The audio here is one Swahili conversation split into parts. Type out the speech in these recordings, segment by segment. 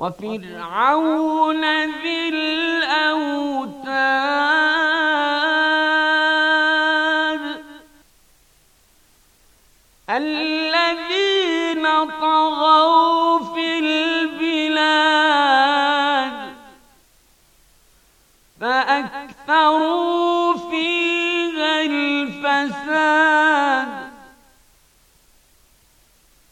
وفرعون ذي الأوتاد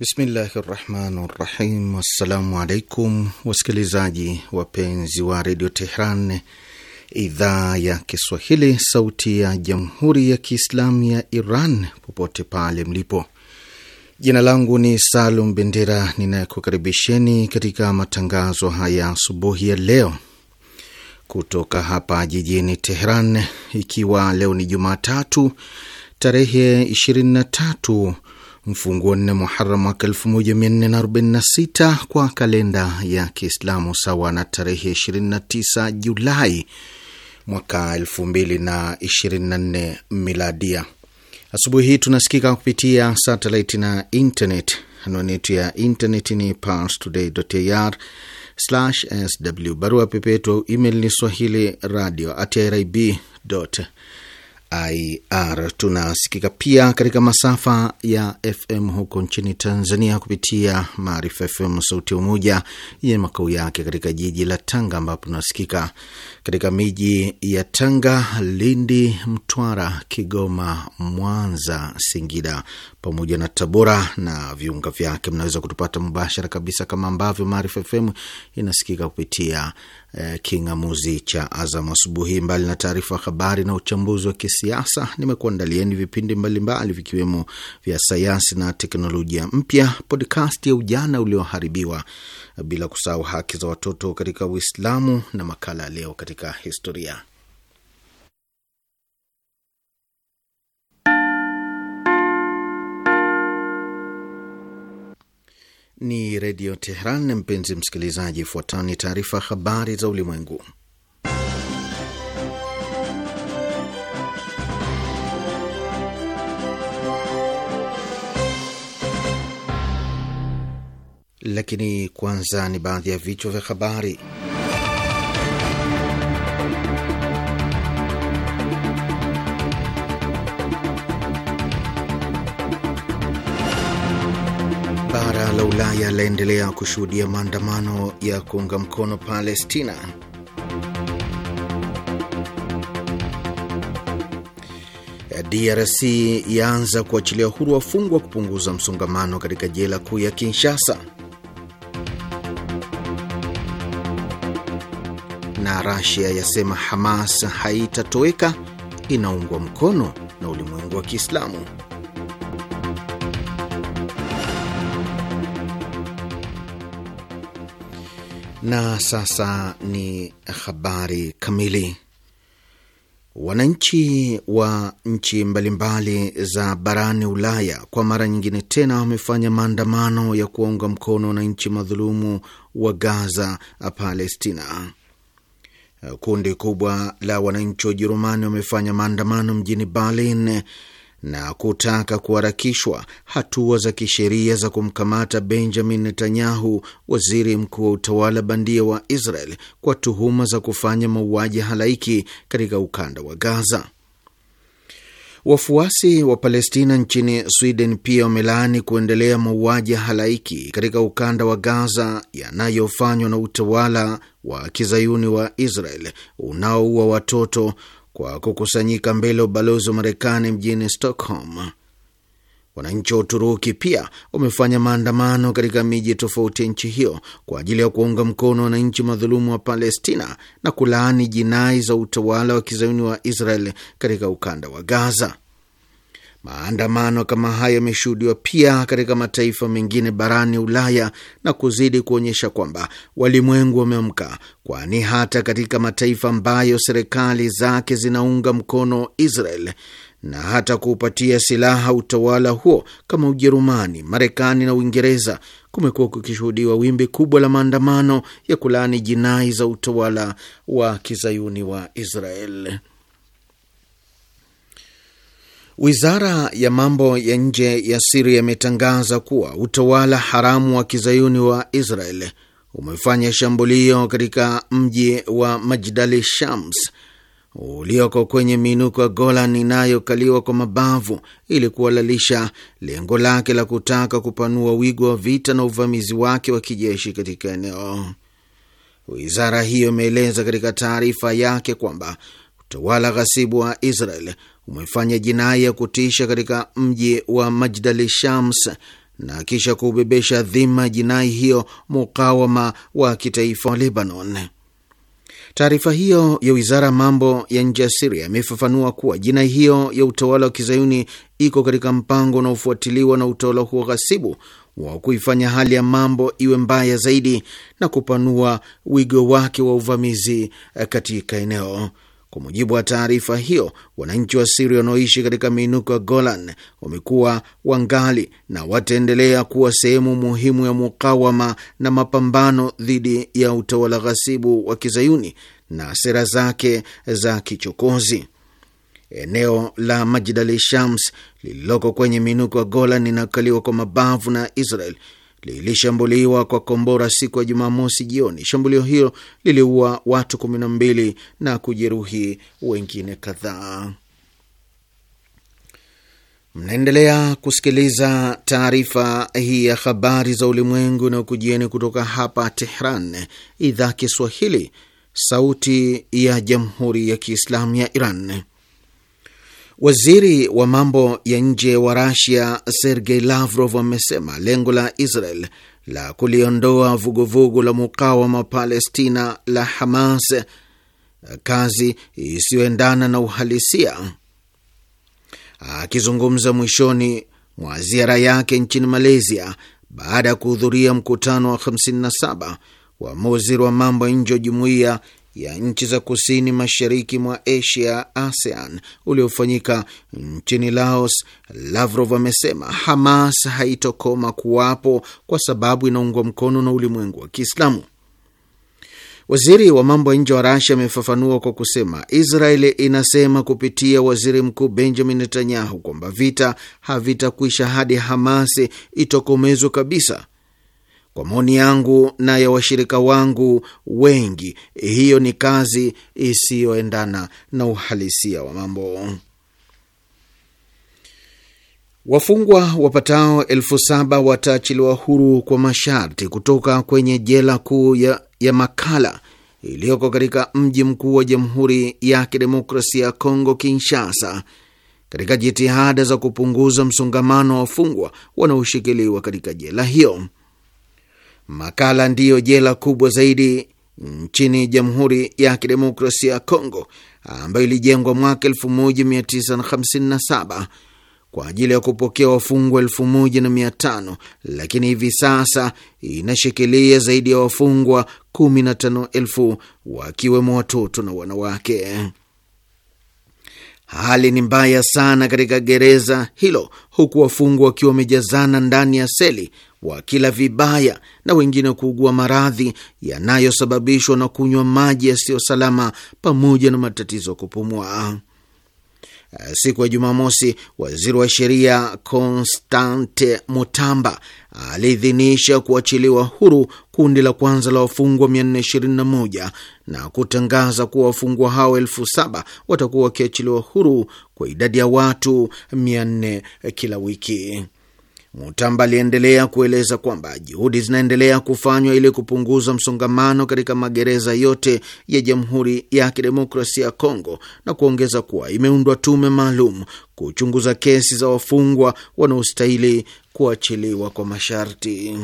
Bismillahi rahmani rahim. Wassalamu alaikum wasikilizaji wapenzi wa redio Tehran, idhaa ya Kiswahili, sauti ya jamhuri ya kiislamu ya Iran, popote pale mlipo. Jina langu ni Salum Bendera ninayekukaribisheni katika matangazo haya asubuhi ya leo kutoka hapa jijini Tehran, ikiwa leo ni Jumatatu tarehe 23 mfunguo nne Muharam mwaka 1446 kwa kalenda ya Kiislamu, sawa na tarehe 29 Julai mwaka nne miladia. Asubuhi hii tunasikika kupitia satellite na internet. Anwani yetu ya internet ni parstoday.ir/sw. Barua pepe yetu email ni swahili radio at rib IR. Tunasikika pia katika masafa ya FM huko nchini Tanzania kupitia Maarifa FM Sauti ya Umoja yenye makao yake katika jiji la Tanga, ambapo tunasikika katika miji ya Tanga, Lindi, Mtwara, Kigoma, Mwanza, Singida pamoja na Tabora na viunga vyake. Mnaweza kutupata mubashara kabisa kama ambavyo Maarifa FM inasikika kupitia eh, kingamuzi cha Azam asubuhi. Mbali na taarifa habari na uchambuzi wa kisiasa, nimekuandalieni vipindi mbalimbali vikiwemo vya sayansi na teknolojia mpya, podcast ya ujana ulioharibiwa, bila kusahau haki za watoto katika Uislamu na makala ya leo katika historia. ni Redio Teheran. Mpenzi msikilizaji, ifuatayo ni taarifa habari za ulimwengu, lakini kwanza ni baadhi ya vichwa vya habari. laendelea kushuhudia maandamano ya kuunga mkono Palestina. DRC yaanza kuachilia huru wafungwa kupunguza msongamano katika jela kuu ya Kinshasa. Na Rasia yasema Hamas haitatoweka, inaungwa mkono na ulimwengu wa Kiislamu. Na sasa ni habari kamili. Wananchi wa nchi mbalimbali za barani Ulaya kwa mara nyingine tena wamefanya maandamano ya kuwaunga mkono wananchi madhulumu wa Gaza, Palestina. Kundi kubwa la wananchi wa Ujerumani wamefanya maandamano mjini Berlin na kutaka kuharakishwa hatua za kisheria za kumkamata Benjamin Netanyahu, waziri mkuu wa utawala bandia wa Israel, kwa tuhuma za kufanya mauaji halaiki katika ukanda wa Gaza. Wafuasi wa Palestina nchini Sweden pia wamelaani kuendelea mauaji halaiki katika ukanda wa Gaza yanayofanywa na utawala wa kizayuni wa Israel unaoua watoto, kwa kukusanyika mbele ya ubalozi wa Marekani mjini Stockholm. Wananchi wa Uturuki pia wamefanya maandamano katika miji tofauti ya nchi hiyo kwa ajili ya kuwaunga mkono wananchi madhulumu wa Palestina na kulaani jinai za utawala wa kizayuni wa Israel katika ukanda wa Gaza. Maandamano kama haya yameshuhudiwa pia katika mataifa mengine barani Ulaya na kuzidi kuonyesha kwamba walimwengu wameamka, kwani hata katika mataifa ambayo serikali zake zinaunga mkono Israel na hata kuupatia silaha utawala huo kama Ujerumani, Marekani na Uingereza, kumekuwa kukishuhudiwa wimbi kubwa la maandamano ya kulaani jinai za utawala wa kizayuni wa Israel. Wizara ya mambo ya nje ya Siria imetangaza kuwa utawala haramu wa kizayuni wa Israel umefanya shambulio katika mji wa majdali e Shams ulioko kwenye miinuko ya Golan inayokaliwa kwa mabavu ili kuhalalisha lengo lake la kutaka kupanua wigo wa vita na uvamizi wake wa kijeshi katika eneo. Wizara hiyo imeeleza katika taarifa yake kwamba utawala ghasibu wa Israel umefanya jinai ya kutisha katika mji wa majdali e Shams na kisha kuubebesha dhima jinai hiyo mukawama wa kitaifa wa Lebanon. Taarifa hiyo ya wizara ya mambo ya nje ya Siria imefafanua kuwa jinai hiyo ya utawala wa kizayuni iko katika mpango unaofuatiliwa na utawala huo ghasibu wa kuifanya hali ya mambo iwe mbaya zaidi na kupanua wigo wake wa uvamizi katika eneo. Kwa mujibu wa taarifa hiyo, wananchi wa Siria wanaoishi katika miinuko ya Golan wamekuwa wangali na wataendelea kuwa sehemu muhimu ya mukawama na mapambano dhidi ya utawala ghasibu wa kizayuni na sera zake za kichokozi. Eneo la majidali Shams lililoko kwenye miinuko ya Golan linakaliwa kwa mabavu na Israel lilishambuliwa kwa kombora siku ya Jumamosi jioni. Shambulio hilo liliua watu 12 na kujeruhi wengine kadhaa. Mnaendelea kusikiliza taarifa hii ya habari za ulimwengu na ukujieni kutoka hapa Tehran, idhaa Kiswahili, sauti ya jamhuri ya kiislamu ya Iran. Waziri wa mambo ya nje wa Rasia Sergei Lavrov amesema lengo la Israel la kuliondoa vuguvugu la mukawama wa Palestina la Hamas kazi isiyoendana na uhalisia. Akizungumza mwishoni mwa ziara yake nchini Malaysia baada ya kuhudhuria mkutano wa 57 wa wa mambo ya nje wa jumuiya ya nchi za kusini mashariki mwa Asia, ASEAN, uliofanyika nchini Laos, Lavrov amesema Hamas haitokoma kuwapo kwa sababu inaungwa mkono na ulimwengu wa Kiislamu. Waziri wa mambo ya nje wa Rasia amefafanua kwa kusema Israeli inasema kupitia waziri mkuu Benjamin Netanyahu kwamba vita havitakwisha hadi Hamasi itokomezwe kabisa kwa maoni yangu na ya washirika wangu wengi, hiyo ni kazi isiyoendana na uhalisia wa mambo. Wafungwa wapatao elfu saba wataachiliwa huru kwa masharti kutoka kwenye jela kuu ya, ya Makala iliyoko katika mji mkuu wa Jamhuri ya Kidemokrasia ya Kongo, Kinshasa, katika jitihada za kupunguza msongamano wa wafungwa wanaoshikiliwa katika jela hiyo. Makala ndiyo jela kubwa zaidi nchini Jamhuri ya Kidemokrasia ya Kongo ambayo ilijengwa mwaka 1957 kwa ajili ya kupokea wafungwa 1500 lakini hivi sasa inashikilia zaidi ya wafungwa 15000 wakiwemo watoto na wanawake. Hali ni mbaya sana katika gereza hilo, huku wafungwa wakiwa wamejazana ndani ya seli wakila vibaya na wengine kuugua maradhi yanayosababishwa na kunywa maji yasiyo salama pamoja na matatizo ya kupumua. Siku ya Jumamosi, waziri wa sheria Constante Mutamba aliidhinisha kuachiliwa huru kundi la kwanza la wafungwa 421 na kutangaza kuwa wafungwa hao elfu saba watakuwa wakiachiliwa huru kwa idadi ya watu 400 kila wiki. Mutamba aliendelea kueleza kwamba juhudi zinaendelea kufanywa ili kupunguza msongamano katika magereza yote ya Jamhuri ya Kidemokrasia ya Kongo na kuongeza kuwa imeundwa tume maalum kuchunguza kesi za wafungwa wanaostahili kuachiliwa kwa masharti.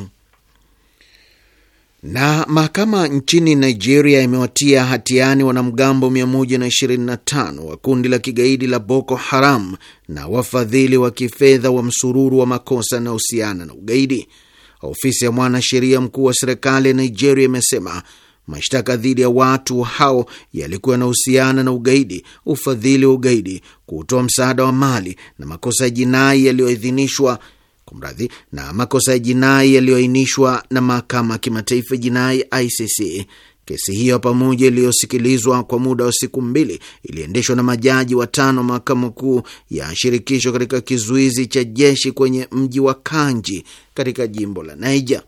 Na mahakama nchini Nigeria imewatia hatiani wanamgambo 125 wa kundi la kigaidi la Boko Haram na wafadhili wa kifedha wa msururu wa makosa yanayohusiana na ugaidi. Ofisi ya mwanasheria mkuu wa serikali ya Nigeria imesema mashtaka dhidi ya watu hao yalikuwa yanahusiana na ugaidi, ufadhili wa ugaidi, kutoa msaada wa mali na makosa ya jinai yaliyoidhinishwa kumradhi, na makosa ya jinai yaliyoainishwa na mahakama ya kimataifa jinai ICC. Kesi hiyo pamoja iliyosikilizwa kwa muda wa siku mbili iliendeshwa na majaji watano mahakama kuu ya shirikisho katika kizuizi cha jeshi kwenye mji wa Kanji katika jimbo la Niger.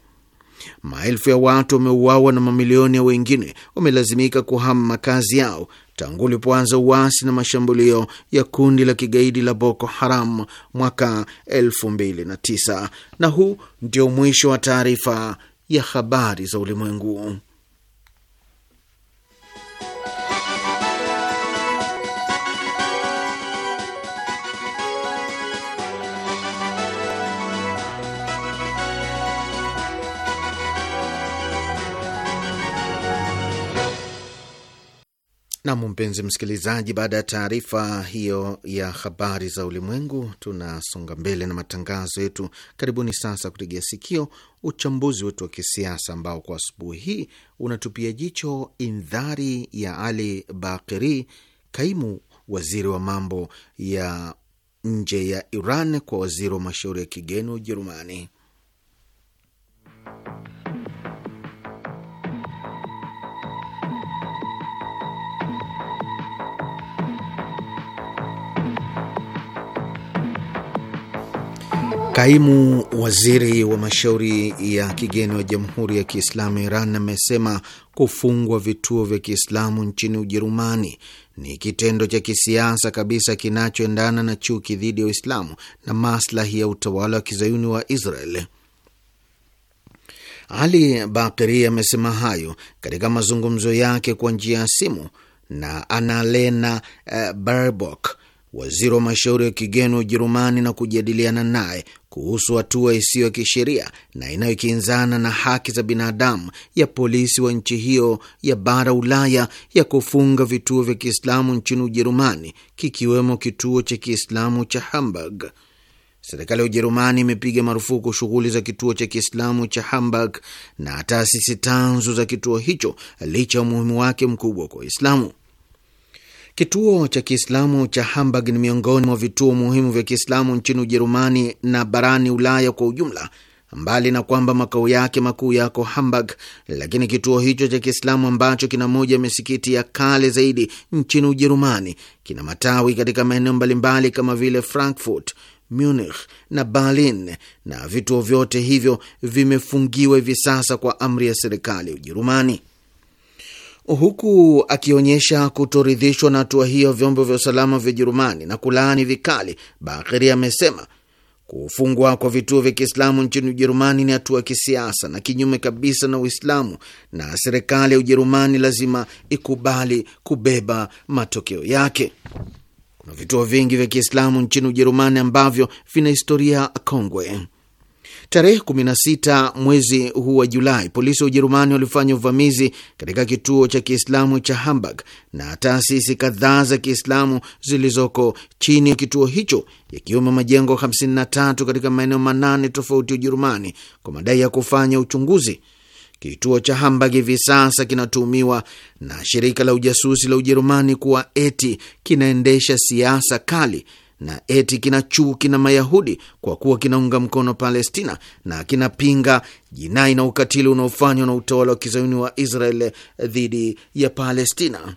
Maelfu ya watu wameuawa na mamilioni ya wengine wamelazimika kuhama makazi yao tangu ulipoanza uasi na mashambulio ya kundi la kigaidi la Boko Haram mwaka 2009. Na huu ndio mwisho wa taarifa ya habari za ulimwengu. Nam, mpenzi msikilizaji, baada ya taarifa hiyo ya habari za ulimwengu, tunasonga mbele na matangazo yetu. Karibuni sasa kutegea sikio uchambuzi wetu wa kisiasa ambao kwa asubuhi hii unatupia jicho indhari ya Ali Bakiri, kaimu waziri wa mambo ya nje ya Iran, kwa waziri wa mashauri ya kigeni wa Ujerumani. Kaimu waziri wa mashauri ya kigeni wa Jamhuri ya Kiislamu Iran amesema kufungwa vituo vya Kiislamu nchini Ujerumani ni kitendo cha kisiasa kabisa kinachoendana na chuki dhidi ya Uislamu na maslahi ya utawala wa kizayuni wa Israel. Ali Bakiri amesema hayo katika mazungumzo yake kwa njia ya simu na uh, eh, barbok waziri wa mashauri ya kigeni wa Ujerumani na kujadiliana naye kuhusu hatua isiyo ya kisheria na inayokinzana na haki za binadamu ya polisi wa nchi hiyo ya bara Ulaya ya kufunga vituo vya Kiislamu nchini Ujerumani, kikiwemo kituo cha Kiislamu cha Hamburg. Serikali ya Ujerumani imepiga marufuku shughuli za kituo cha Kiislamu cha Hamburg na taasisi tanzu za kituo hicho licha ya umuhimu wake mkubwa kwa Waislamu. Kituo cha Kiislamu cha Hamburg ni miongoni mwa vituo muhimu vya Kiislamu nchini Ujerumani na barani Ulaya kwa ujumla. Mbali na kwamba makao yake makuu yako Hamburg, lakini kituo hicho cha Kiislamu ambacho kina moja ya misikiti ya kale zaidi nchini Ujerumani kina matawi katika maeneo mbalimbali kama vile Frankfurt, Munich na Berlin, na vituo vyote hivyo vimefungiwa hivi sasa kwa amri ya serikali ya Ujerumani huku akionyesha kutoridhishwa na hatua hiyo vyombo vya usalama vya Ujerumani na kulaani vikali. Bakeri amesema kufungwa kwa vituo vya Kiislamu nchini Ujerumani ni hatua ya kisiasa na kinyume kabisa na Uislamu, na serikali ya Ujerumani lazima ikubali kubeba matokeo yake. Kuna vituo vingi vya Kiislamu nchini Ujerumani ambavyo vina historia kongwe. Tarehe 16 mwezi huu wa Julai, polisi wa Ujerumani walifanya uvamizi katika kituo cha Kiislamu cha Hamburg na taasisi kadhaa za Kiislamu zilizoko chini ya kituo hicho, yakiwemo majengo 53 katika maeneo manane tofauti ya Ujerumani kwa madai ya kufanya uchunguzi. Kituo cha Hamburg hivi sasa kinatuhumiwa na shirika la ujasusi la Ujerumani kuwa eti kinaendesha siasa kali na eti kina chuki na Mayahudi kwa kuwa kinaunga mkono Palestina na kinapinga jinai na ukatili unaofanywa na utawala wa kizayuni wa Israel dhidi ya Palestina.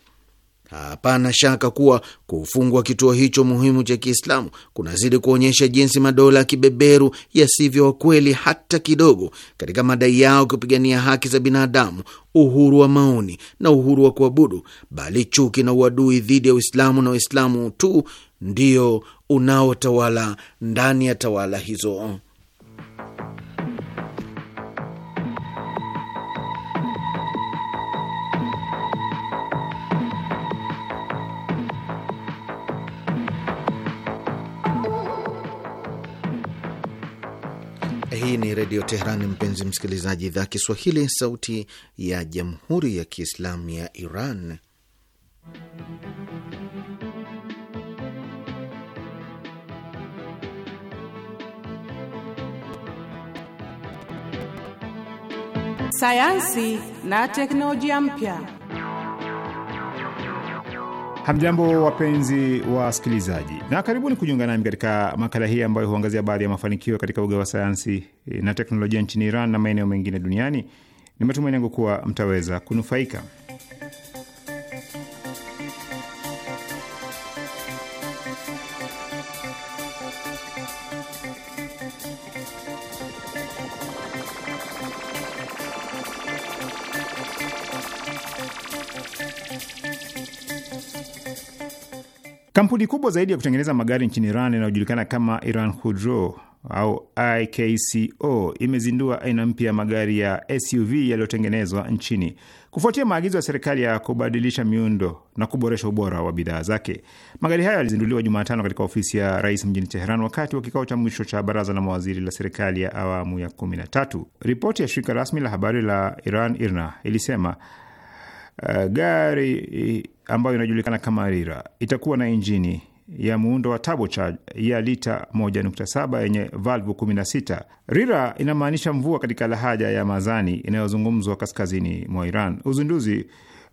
Hapana shaka kuwa kufungwa kituo hicho muhimu cha Kiislamu kunazidi kuonyesha jinsi madola ya kibeberu yasivyo wakweli kweli hata kidogo katika madai yao kupigania haki za binadamu, uhuru wa maoni na uhuru wa kuabudu, bali chuki na uadui dhidi ya Uislamu na Waislamu tu ndio unaotawala ndani ya tawala hizo. Hii ni Redio teheran mpenzi msikilizaji, idhaa Kiswahili, sauti ya Jamhuri ya Kiislamu ya Iran. sayansi na teknolojia mpya. Hamjambo, wapenzi wa wasikilizaji, na karibuni kujiunga nami katika makala hii ambayo huangazia baadhi ya mafanikio katika uga wa sayansi eh, na teknolojia nchini Iran na maeneo mengine duniani. Ni matumaini yangu kuwa mtaweza kunufaika. Kampuni kubwa zaidi ya kutengeneza magari nchini Iran inayojulikana kama Iran Khodro au IKCO imezindua aina mpya ya magari ya SUV yaliyotengenezwa nchini kufuatia maagizo ya serikali ya kubadilisha miundo na kuboresha ubora wa bidhaa zake. Magari hayo yalizinduliwa Jumatano katika ofisi ya rais mjini Teheran wakati wa kikao cha mwisho cha baraza la mawaziri la serikali ya awamu ya kumi na tatu. Ripoti ya shirika rasmi la habari la Iran IRNA ilisema Eh, gari ambayo inajulikana kama Rira itakuwa na injini ya muundo wa turbocharge ya lita 1.7 yenye valvu 16. Rira inamaanisha mvua katika lahaja ya Mazani inayozungumzwa kaskazini mwa Iran. Uzinduzi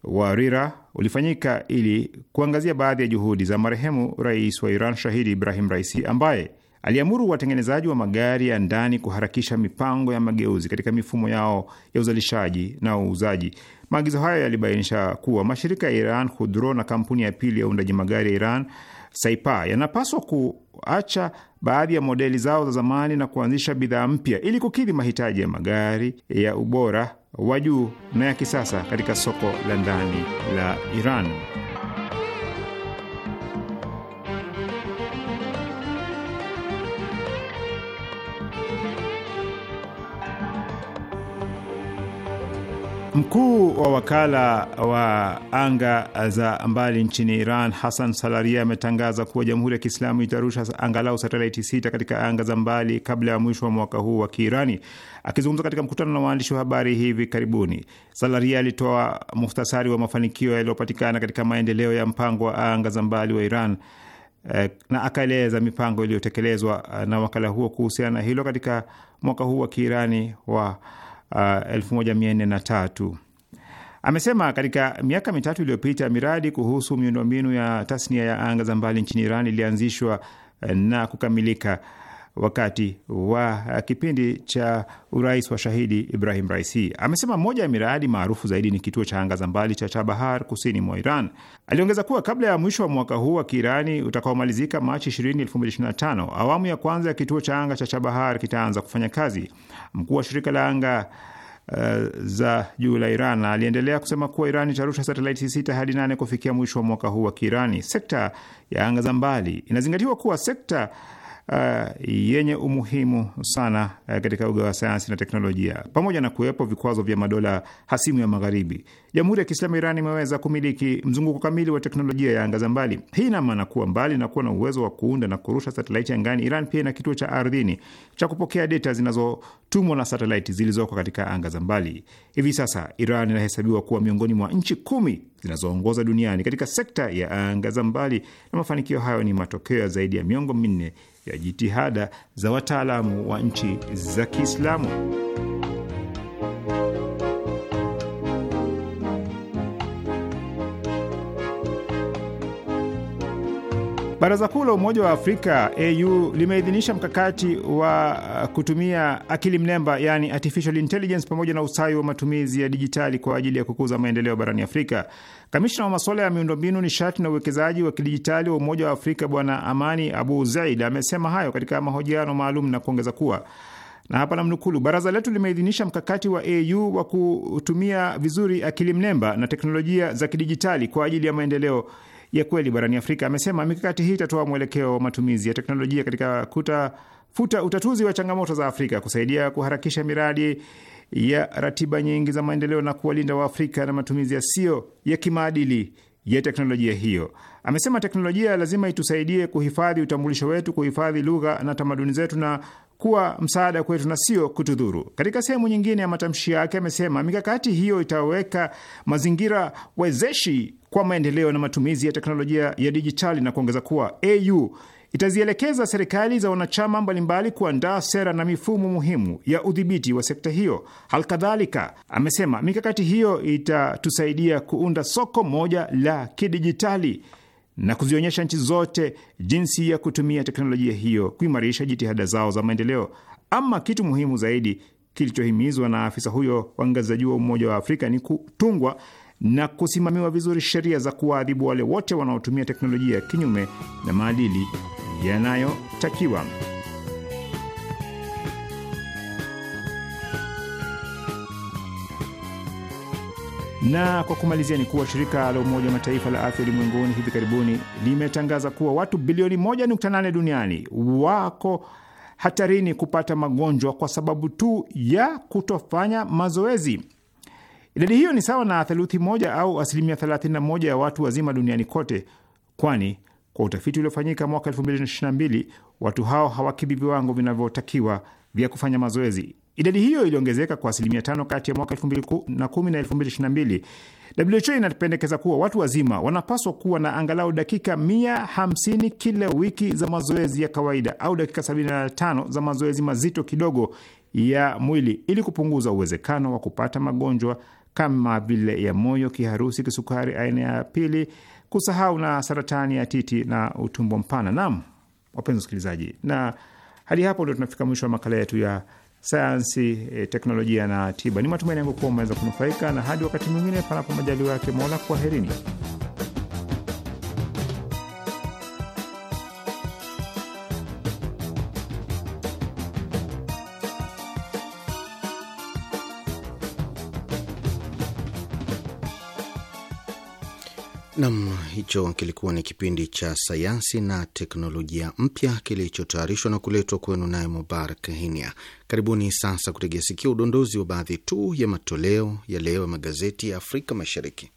wa Rira ulifanyika ili kuangazia baadhi ya juhudi za marehemu rais wa Iran shahidi Ibrahim Raisi ambaye Aliamuru watengenezaji wa magari ya ndani kuharakisha mipango ya mageuzi katika mifumo yao ya uzalishaji na uuzaji. Maagizo hayo yalibainisha kuwa mashirika ya Iran hudro na kampuni ya pili ya uundaji magari ya Iran Saipa yanapaswa kuacha baadhi ya modeli zao za zamani na kuanzisha bidhaa mpya ili kukidhi mahitaji ya magari ya ubora wa juu na ya kisasa katika soko la ndani la Iran. Mkuu wa wakala wa anga za mbali nchini Iran, Hassan Salaria, ametangaza kuwa Jamhuri ya Kiislamu itarusha angalau satelaiti sita katika anga za mbali kabla ya mwisho wa mwaka huu wa Kiirani. Akizungumza katika mkutano na waandishi wa habari hivi karibuni, Salaria alitoa muhtasari wa mafanikio yaliyopatikana katika maendeleo ya mpango wa anga za mbali wa Iran eh, na akaeleza mipango iliyotekelezwa eh, na wakala huo kuhusiana na hilo katika mwaka huu wa Kiirani wa 1403. Uh, Amesema katika miaka mitatu iliyopita miradi kuhusu miundombinu ya tasnia ya anga za mbali nchini Iran ilianzishwa eh, na kukamilika wakati wa kipindi cha urais wa shahidi Ibrahim Raisi. Amesema moja ya miradi maarufu zaidi ni kituo cha anga za mbali cha Chabahar kusini mwa Iran. Aliongeza kuwa kabla ya mwisho wa mwaka huu wa Kiirani utakaomalizika Machi 20, 2025 awamu ya kwanza ya kituo cha anga cha Chabahar kitaanza kufanya kazi. Mkuu wa shirika la anga Uh, za juu la Iran aliendelea kusema kuwa Iran itarusha satelaiti sita hadi nane kufikia mwisho wa mwaka huu wa Kiirani. Sekta ya anga za mbali inazingatiwa kuwa sekta Uh, yenye umuhimu sana uh, katika uga wa sayansi na teknolojia, pamoja na kuwepo vikwazo vya madola hasimu ya Magharibi. Jamhuri ya Kiislamu Iran imeweza kumiliki mzunguko kamili wa teknolojia ya anga za mbali. Hii ina maana kuwa mbali na kuwa na uwezo wa kuunda na kurusha satelaiti angani, Iran pia ina kituo cha ardhini cha kupokea data zinazotumwa na satelaiti zilizoko katika anga za mbali. Hivi sasa Iran inahesabiwa kuwa miongoni mwa nchi kumi zinazoongoza duniani katika sekta ya anga za mbali, na mafanikio hayo ni matokeo ya zaidi ya miongo minne ya jitihada za wataalamu wa nchi za Kiislamu. Baraza Kuu la Umoja wa Afrika AU limeidhinisha mkakati wa uh, kutumia akili mnemba, yani artificial intelligence, pamoja na ustawi wa matumizi ya dijitali kwa ajili ya kukuza maendeleo barani Afrika. Kamishna wa masuala ya miundombinu, nishati na uwekezaji wa kidijitali wa Umoja wa Afrika Bwana Amani Abu Zaid amesema hayo katika mahojiano maalum na kuongeza kuwa na hapa namnukulu, baraza letu limeidhinisha mkakati wa AU wa kutumia vizuri akili mnemba na teknolojia za kidijitali kwa ajili ya maendeleo ya kweli barani Afrika. Amesema mikakati hii itatoa mwelekeo wa matumizi ya teknolojia katika kutafuta utatuzi wa changamoto za Afrika, kusaidia kuharakisha miradi ya ratiba nyingi za maendeleo na kuwalinda Waafrika na matumizi yasiyo ya kimaadili ya teknolojia hiyo. Amesema teknolojia lazima itusaidie kuhifadhi utambulisho wetu, kuhifadhi lugha na tamaduni zetu na kuwa msaada kwetu na sio kutudhuru. Katika sehemu nyingine ya matamshi yake amesema mikakati hiyo itaweka mazingira wezeshi kwa maendeleo na matumizi ya teknolojia ya dijitali na kuongeza kuwa AU itazielekeza serikali za wanachama mbalimbali kuandaa sera na mifumo muhimu ya udhibiti wa sekta hiyo. Halikadhalika, amesema mikakati hiyo itatusaidia kuunda soko moja la kidijitali na kuzionyesha nchi zote jinsi ya kutumia teknolojia hiyo kuimarisha jitihada zao za maendeleo. Ama kitu muhimu zaidi kilichohimizwa na afisa huyo wa ngazi za juu wa Umoja wa Afrika ni kutungwa na kusimamiwa vizuri sheria za kuwaadhibu wale wote wanaotumia teknolojia kinyume na maadili yanayotakiwa. Na kwa kumalizia ni kuwa shirika la Umoja wa Mataifa la afya ulimwenguni hivi karibuni limetangaza kuwa watu bilioni 1.8 duniani wako hatarini kupata magonjwa kwa sababu tu ya kutofanya mazoezi. Idadi hiyo ni sawa na theluthi moja au asilimia 31 ya watu wazima duniani kote, kwani kwa utafiti uliofanyika mwaka 2022 watu hao hawakibi viwango vinavyotakiwa vya kufanya mazoezi. Idadi hiyo iliongezeka kwa asilimia tano kati ya mwaka 2010 na 2022. WHO inapendekeza kuwa watu wazima wanapaswa kuwa na angalau dakika 150 kila wiki za mazoezi ya kawaida au dakika 75 za mazoezi mazito kidogo ya mwili ili kupunguza uwezekano wa kupata magonjwa kama vile ya moyo, kiharusi, kisukari aina ya pili, kusahau na saratani ya titi na utumbo mpana. Naam, wapenzi wasikilizaji, na hadi hapo ndio tunafika mwisho wa makala yetu ya sayansi, e, teknolojia na tiba. Ni matumaini yangu kuwa umeweza kunufaika, na hadi wakati mwingine, panapo majaliwa yake Mola, kwaherini. Nam hicho kilikuwa ni kipindi cha sayansi na teknolojia mpya kilichotayarishwa na kuletwa kwenu naye Mubarak Hinia. Karibuni sasa kutegea sikio udondozi wa baadhi tu ya matoleo ya leo ya magazeti ya Afrika Mashariki.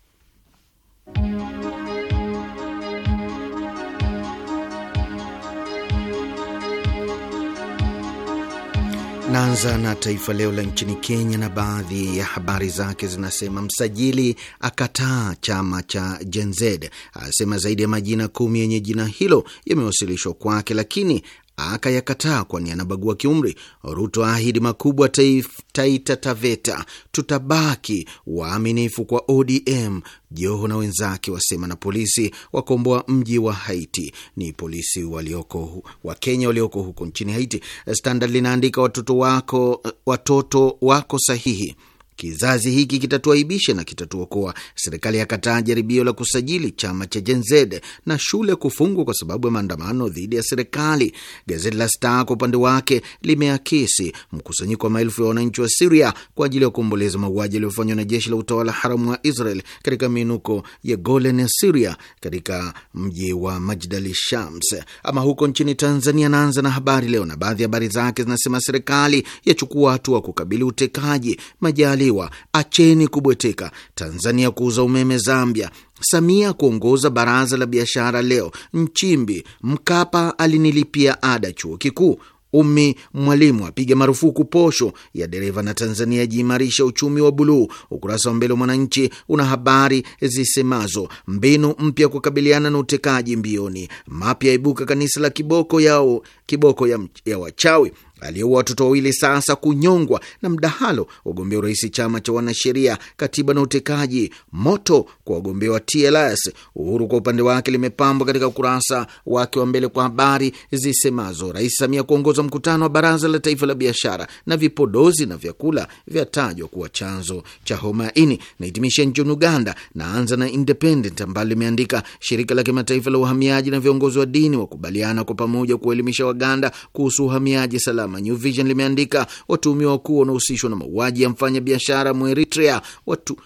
Naanza na Taifa Leo la nchini Kenya, na baadhi ya habari zake zinasema: msajili akataa chama cha Gen Z, asema zaidi ya majina kumi yenye jina hilo yamewasilishwa kwake, lakini akayakataa kwani anabagua kiumri. Ruto ahidi makubwa taif, Taita Taveta. Tutabaki waaminifu kwa ODM, Joho na wenzake wasema, na polisi wakomboa mji wa Haiti. Ni polisi walioko wa Kenya walioko huko nchini Haiti. Standard linaandika watoto wako, watoto wako sahihi Kizazi hiki kitatuaibisha na kitatuokoa. Serikali yakataa jaribio la kusajili chama cha JNZ na shule kufungwa kwa sababu ya maandamano dhidi ya serikali. Gazeti la Star kwa upande wake limeakisi mkusanyiko wa maelfu ya wananchi wa Siria kwa ajili ya kuomboleza mauaji yaliyofanywa na jeshi la utawala haramu wa Israel katika miinuko ya Golan ya Siria katika mji wa Majdali Shams. Ama huko nchini Tanzania, naanza na Habari Leo na baadhi ya habari zake zinasema serikali yachukua hatua kukabili utekaji majali kuzaliwa, acheni kubweteka. Tanzania kuuza umeme Zambia, Samia kuongoza baraza la biashara leo, Nchimbi, Mkapa alinilipia ada chuo kikuu, umi Mwalimu apiga marufuku posho ya dereva na Tanzania yajiimarisha uchumi wa buluu. Ukurasa wa mbele wa Mwananchi una habari zisemazo mbinu mpya kukabiliana na utekaji mbioni, mapya ibuka kanisa la kiboko yao, kiboko ya, ya wachawi aliyeua watoto wawili sasa kunyongwa, na mdahalo wagombea urais chama cha wanasheria, katiba na utekaji, moto kwa wagombea wa TLS. Uhuru kwa upande wake limepambwa katika ukurasa wake wa mbele kwa habari zisemazo Rais Samia kuongoza mkutano wa Baraza la Taifa la Biashara, na vipodozi na vyakula vyatajwa kuwa chanzo cha homa ini. Nahitimisha nchini Uganda, naanza na Independent ambalo limeandika shirika la kimataifa la uhamiaji na viongozi wa dini wakubaliana kwa pamoja kuwaelimisha Waganda kuhusu uhamiaji salama kama New Vision limeandika, watuhumiwa wakuu wanahusishwa na mauaji ya mfanyabiashara Mweritrea watu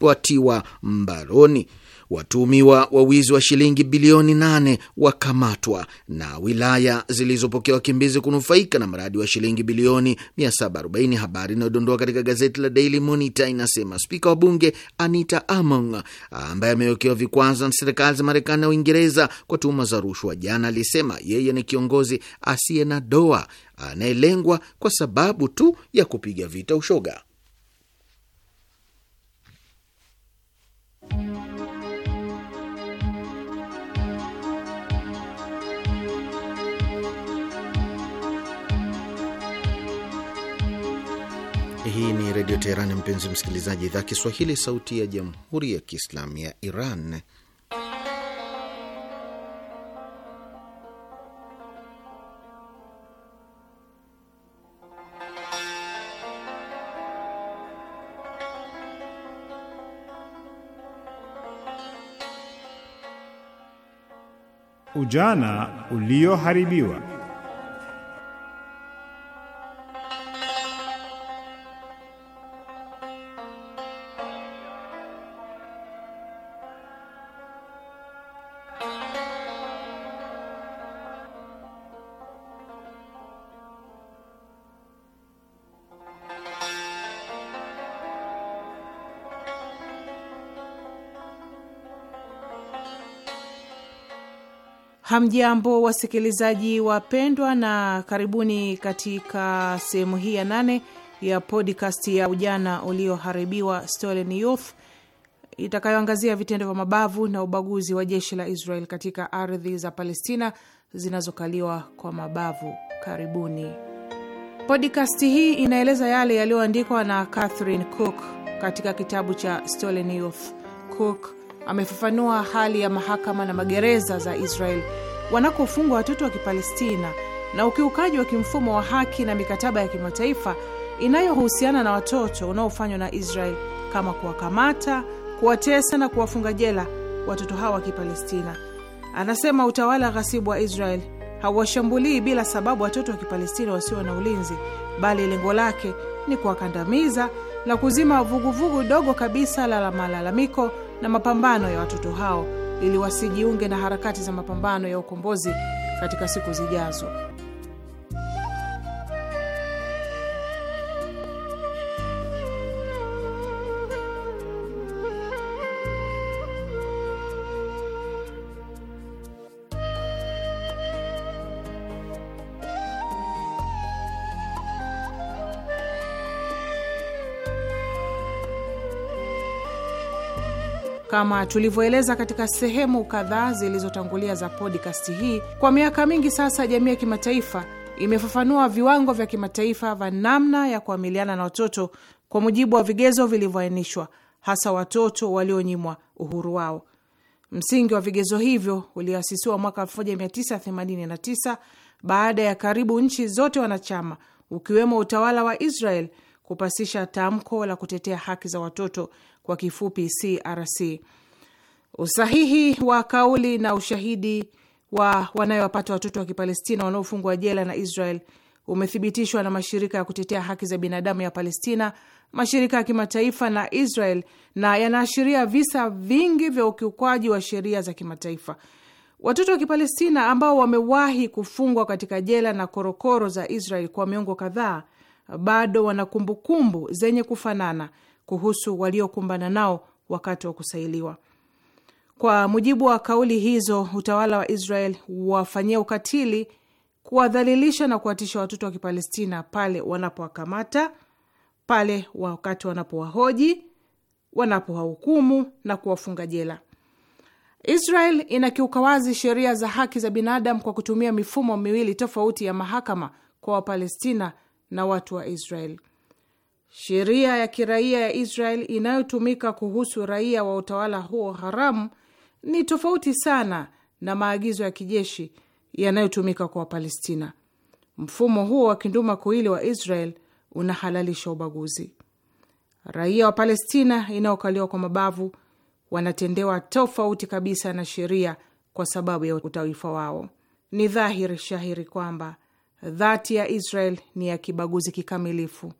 watiwa mbaroni. Watumiwa wa wizi wa shilingi bilioni nane wakamatwa na wilaya zilizopokea wakimbizi kunufaika na mradi wa shilingi bilioni 740. Habari inayodondoa katika gazeti la Daily Monitor inasema spika wa bunge Anita Among ambaye amewekewa vikwazo na serikali za Marekani na Uingereza kwa tuhuma za rushwa, jana alisema yeye ni kiongozi asiye na doa anayelengwa kwa sababu tu ya kupiga vita ushoga. Hii ni Redio Teheran, mpenzi msikilizaji, idhaa Kiswahili, sauti ya Jamhuri ya Kiislamu ya Iran. Ujana ulioharibiwa. Hamjambo, wasikilizaji wapendwa, na karibuni katika sehemu hii ya nane ya podcast ya ujana ulioharibiwa Stolen Youth itakayoangazia vitendo vya mabavu na ubaguzi wa jeshi la Israel katika ardhi za Palestina zinazokaliwa kwa mabavu. Karibuni. Podcast hii inaeleza yale yaliyoandikwa na Catherine Cook katika kitabu cha Stolen Youth. Cook amefafanua hali ya mahakama na magereza za Israel wanakofungwa watoto wa Kipalestina na ukiukaji wa kimfumo wa haki na mikataba ya kimataifa inayohusiana na watoto unaofanywa na Israel kama kuwakamata, kuwatesa na kuwafunga jela watoto hawa wa Kipalestina. Anasema utawala ghasibu wa Israel hauwashambulii bila sababu watoto wa Kipalestina wasio na ulinzi, bali lengo lake ni kuwakandamiza na kuzima vuguvugu dogo kabisa la malalamiko na mapambano ya watoto hao ili wasijiunge na harakati za mapambano ya ukombozi katika siku zijazo. Kama tulivyoeleza katika sehemu kadhaa zilizotangulia za podikasti hii, kwa miaka mingi sasa jamii ya kimataifa imefafanua viwango vya kimataifa vya namna ya kuamiliana na watoto kwa mujibu wa vigezo vilivyoainishwa, hasa watoto walionyimwa uhuru wao. Msingi wa vigezo hivyo uliasisiwa mwaka 1989 baada ya karibu nchi zote wanachama ukiwemo utawala wa Israel kupasisha tamko la kutetea haki za watoto kwa kifupi CRC. Usahihi wa kauli na ushahidi wa wanayowapata watoto wa Kipalestina wanaofungwa jela na Israel umethibitishwa na mashirika ya kutetea haki za binadamu ya Palestina, mashirika ya kimataifa na Israel, na yanaashiria visa vingi vya ukiukwaji wa sheria za kimataifa. Watoto wa Kipalestina ambao wamewahi kufungwa katika jela na korokoro za Israel kwa miongo kadhaa bado wana kumbukumbu zenye kufanana kuhusu waliokumbana nao wakati wa kusailiwa. Kwa mujibu wa kauli hizo, utawala wa Israel wafanyia ukatili, kuwadhalilisha na kuwatisha watoto wa Kipalestina pale wanapowakamata, pale wakati wanapowahoji, wanapowahukumu na kuwafunga jela. Israel inakiuka wazi sheria za haki za binadamu kwa kutumia mifumo miwili tofauti ya mahakama kwa Wapalestina na watu wa Israel. Sheria ya kiraia ya Israel inayotumika kuhusu raia wa utawala huo haramu ni tofauti sana na maagizo ya kijeshi yanayotumika kwa Wapalestina. Mfumo huo wa kinduma kuili wa Israel unahalalisha ubaguzi. Raia wa Palestina inayokaliwa kwa mabavu wanatendewa tofauti kabisa na sheria kwa sababu ya utaifa wao. Ni dhahiri shahiri kwamba dhati ya Israel ni ya kibaguzi kikamilifu,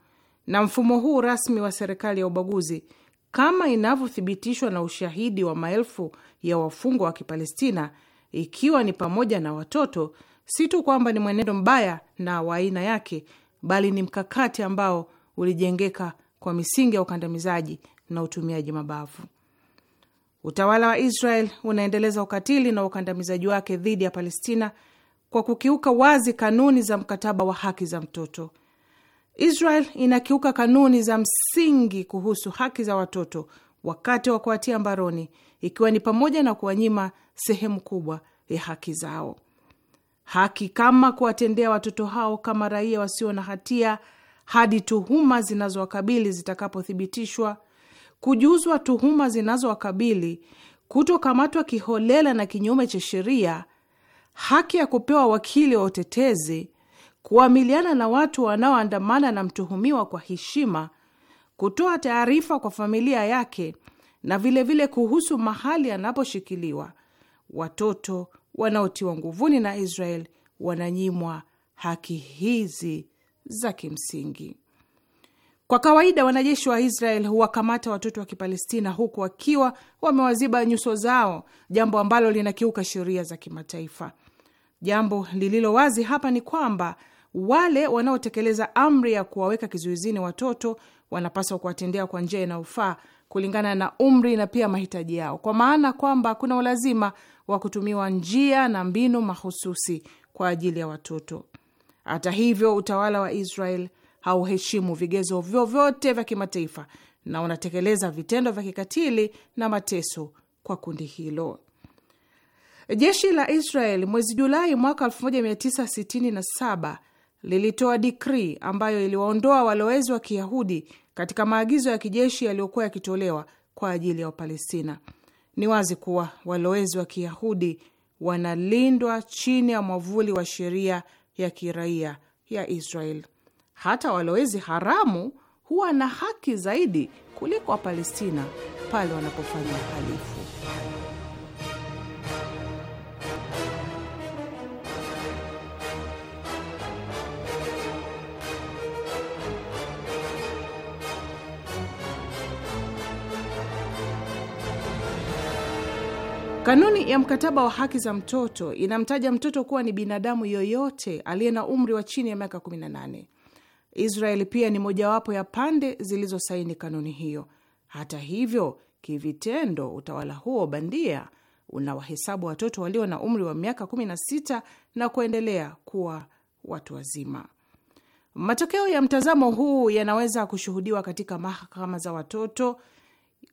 na mfumo huu rasmi wa serikali ya ubaguzi, kama inavyothibitishwa na ushahidi wa maelfu ya wafungwa wa Kipalestina, ikiwa ni pamoja na watoto, si tu kwamba ni mwenendo mbaya na wa aina yake, bali ni mkakati ambao ulijengeka kwa misingi ya ukandamizaji na utumiaji mabavu. Utawala wa Israel unaendeleza ukatili na ukandamizaji wake dhidi ya Palestina kwa kukiuka wazi kanuni za mkataba wa haki za mtoto. Israel inakiuka kanuni za msingi kuhusu haki za watoto wakati wa kuwatia mbaroni, ikiwa ni pamoja na kuwanyima sehemu kubwa ya haki zao, haki kama kuwatendea watoto hao kama raia wasio na hatia hadi tuhuma zinazowakabili zitakapothibitishwa, kujuzwa tuhuma zinazowakabili, kutokamatwa kiholela na kinyume cha sheria haki ya kupewa wakili wa utetezi, kuamiliana na watu wanaoandamana na mtuhumiwa kwa heshima, kutoa taarifa kwa familia yake na vilevile vile kuhusu mahali anaposhikiliwa. Watoto wanaotiwa nguvuni na Israel wananyimwa haki hizi za kimsingi. Kwa kawaida wanajeshi wa Israel huwakamata watoto wa Kipalestina huku wakiwa wamewaziba nyuso zao, jambo ambalo linakiuka sheria za kimataifa. Jambo lililo wazi hapa ni kwamba wale wanaotekeleza amri ya kuwaweka kizuizini watoto wanapaswa kuwatendea kwa njia inayofaa kulingana na umri na pia mahitaji yao, kwa maana kwamba kuna ulazima wa kutumiwa njia na mbinu mahususi kwa ajili ya watoto. Hata hivyo, utawala wa Israel hauheshimu vigezo vyovyote vya kimataifa na unatekeleza vitendo vya kikatili na mateso kwa kundi hilo. Jeshi la Israel mwezi Julai mwaka 1967 lilitoa dikrii ambayo iliwaondoa walowezi wa Kiyahudi katika maagizo ya kijeshi yaliyokuwa yakitolewa kwa ajili ya Wapalestina. Ni wazi kuwa walowezi wa Kiyahudi wanalindwa chini ya mwavuli wa sheria ya kiraia ya Israel. Hata walowezi haramu huwa na haki zaidi kuliko Wapalestina pale wanapofanya uhalifu. Kanuni ya mkataba wa haki za mtoto inamtaja mtoto kuwa ni binadamu yoyote aliye na umri wa chini ya miaka 18. Israeli pia ni mojawapo ya pande zilizosaini kanuni hiyo. Hata hivyo, kivitendo utawala huo bandia unawahesabu watoto walio na umri wa miaka 16 na kuendelea kuwa watu wazima. Matokeo ya mtazamo huu yanaweza kushuhudiwa katika mahakama za watoto,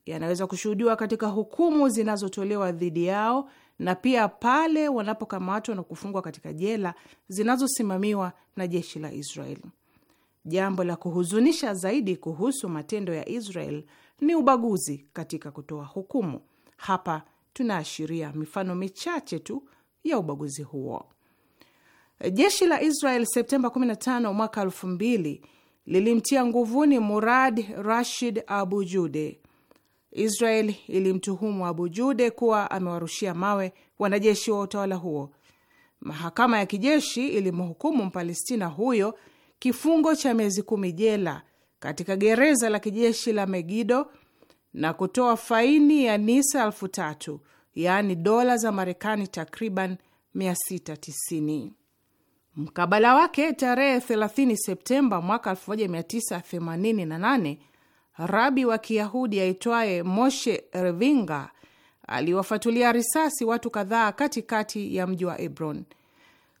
yanaweza kushuhudiwa katika hukumu zinazotolewa dhidi yao na pia pale wanapokamatwa na kufungwa katika jela zinazosimamiwa na jeshi la israel Jambo la kuhuzunisha zaidi kuhusu matendo ya Israel ni ubaguzi katika kutoa hukumu. Hapa tunaashiria mifano michache tu ya ubaguzi huo. Jeshi la Israel Septemba 15 mwaka 2000 lilimtia nguvuni Murad Rashid Abu Jude, Israel ilimtuhumu Abu Jude kuwa amewarushia mawe wanajeshi wa utawala huo. Mahakama ya kijeshi ilimhukumu Mpalestina huyo kifungo cha miezi kumi jela katika gereza la kijeshi la Megido na kutoa faini ya nisa elfu tatu yaani dola za Marekani takriban 690. Mkabala wake tarehe 30 Septemba mwaka 1988 rabi wa Kiyahudi aitwaye Moshe Revinga aliwafatulia risasi watu kadhaa katikati ya mji wa Hebron.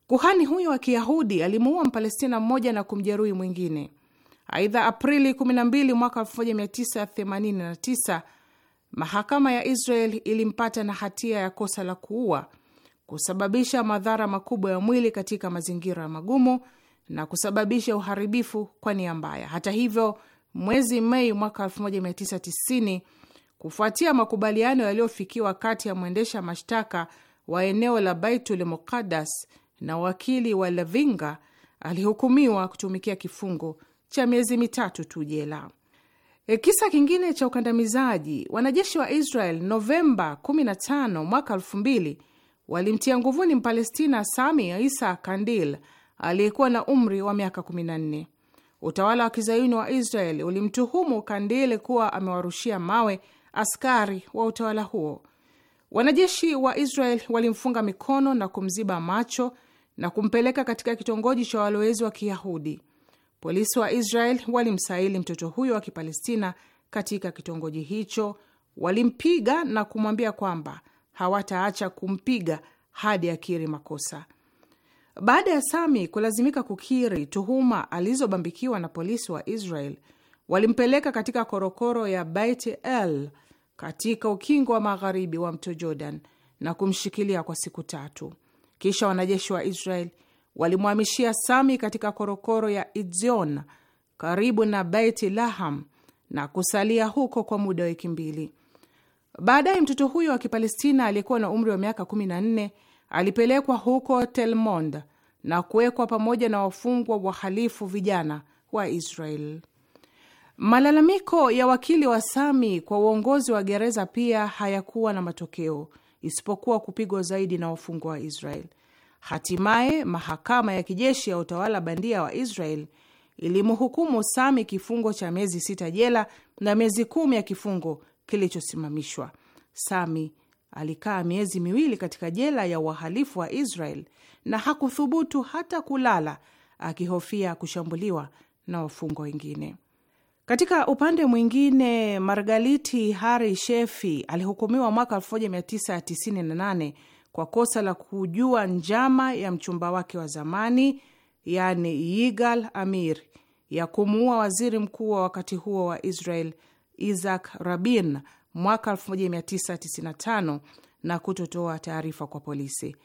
Kuhani huyo wa Kiyahudi alimuua Mpalestina mmoja na kumjeruhi mwingine. Aidha, Aprili 12 mwaka 1989 mahakama ya Israel ilimpata na hatia ya kosa la kuua, kusababisha madhara makubwa ya mwili katika mazingira magumu na kusababisha uharibifu kwa nia mbaya. Hata hivyo, mwezi Mei mwaka 1990 kufuatia makubaliano yaliyofikiwa kati ya mwendesha mashtaka wa eneo la Baitul Muqaddas na wakili wa Lavinga, alihukumiwa kutumikia kifungo cha miezi mitatu tu jela. E, kisa kingine cha ukandamizaji, wanajeshi wa Israel Novemba 15 mwaka 2000 walimtia nguvuni Mpalestina Sami Isa Kandil aliyekuwa na umri wa miaka 14. Utawala wa kizayuni wa Israel ulimtuhumu kandile kuwa amewarushia mawe askari wa utawala huo. Wanajeshi wa Israel walimfunga mikono na kumziba macho na kumpeleka katika kitongoji cha walowezi wa Kiyahudi. Polisi wa Israel walimsaili mtoto huyo wa Kipalestina katika kitongoji hicho, walimpiga na kumwambia kwamba hawataacha kumpiga hadi akiri makosa. Baada ya Sami kulazimika kukiri tuhuma alizobambikiwa na polisi wa Israel, walimpeleka katika korokoro ya Bait El katika ukingo wa magharibi wa mto Jordan na kumshikilia kwa siku tatu. Kisha wanajeshi wa Israel walimhamishia Sami katika korokoro ya idzion karibu na Bait Laham na kusalia huko kwa muda wa wiki mbili. Baadaye mtoto huyo wa Kipalestina aliyekuwa na umri wa miaka 14 Alipelekwa huko Telmond na kuwekwa pamoja na wafungwa wahalifu vijana wa Israel. Malalamiko ya wakili wa Sami kwa uongozi wa gereza pia hayakuwa na matokeo isipokuwa kupigwa zaidi na wafungwa wa Israel. Hatimaye mahakama ya kijeshi ya utawala bandia wa Israel ilimhukumu Sami kifungo cha miezi sita jela na miezi kumi ya kifungo kilichosimamishwa. Sami alikaa miezi miwili katika jela ya wahalifu wa Israel na hakuthubutu hata kulala akihofia kushambuliwa na wafungwa wengine. Katika upande mwingine, Margaliti Hari Shefi alihukumiwa mwaka 1998 kwa kosa la kujua njama ya mchumba wake wa zamani, yani Yigal Amir, ya kumuua waziri mkuu wa wakati huo wa Israel Isaac Rabin mwaka 1995 na kutotoa taarifa kwa polisi.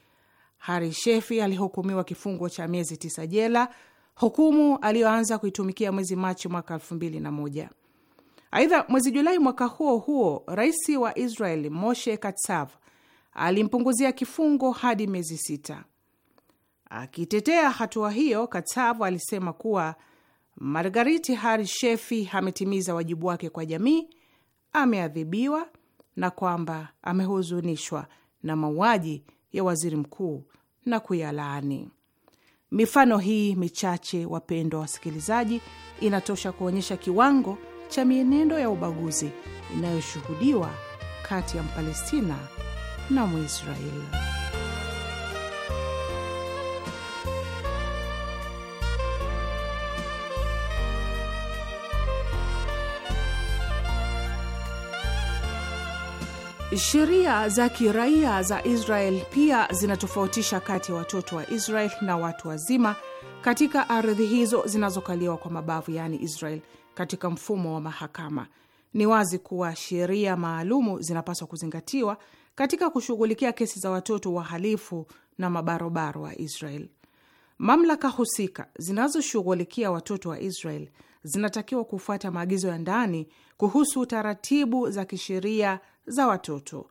Hari Shefi alihukumiwa kifungo cha miezi tisa jela, hukumu aliyoanza kuitumikia mwezi Machi mwaka 2001. Aidha, mwezi Julai mwaka huo huo rais wa Israel Moshe Katsav alimpunguzia kifungo hadi miezi sita. Akitetea hatua hiyo, Katsav alisema kuwa Margariti Hari Shefi ametimiza wajibu wake kwa jamii ameadhibiwa na kwamba amehuzunishwa na mauaji ya waziri mkuu na kuyalaani. Mifano hii michache, wapendwa wasikilizaji, inatosha kuonyesha kiwango cha mienendo ya ubaguzi inayoshuhudiwa kati ya Mpalestina na Mwisraeli. Sheria za kiraia za Israel pia zinatofautisha kati ya watoto wa Israel na watu wazima katika ardhi hizo zinazokaliwa kwa mabavu, yaani Israel, katika mfumo wa mahakama. Ni wazi kuwa sheria maalumu zinapaswa kuzingatiwa katika kushughulikia kesi za watoto wahalifu na mabarobaro wa Israel. Mamlaka husika zinazoshughulikia watoto wa Israel zinatakiwa kufuata maagizo ya ndani kuhusu taratibu za kisheria za watoto.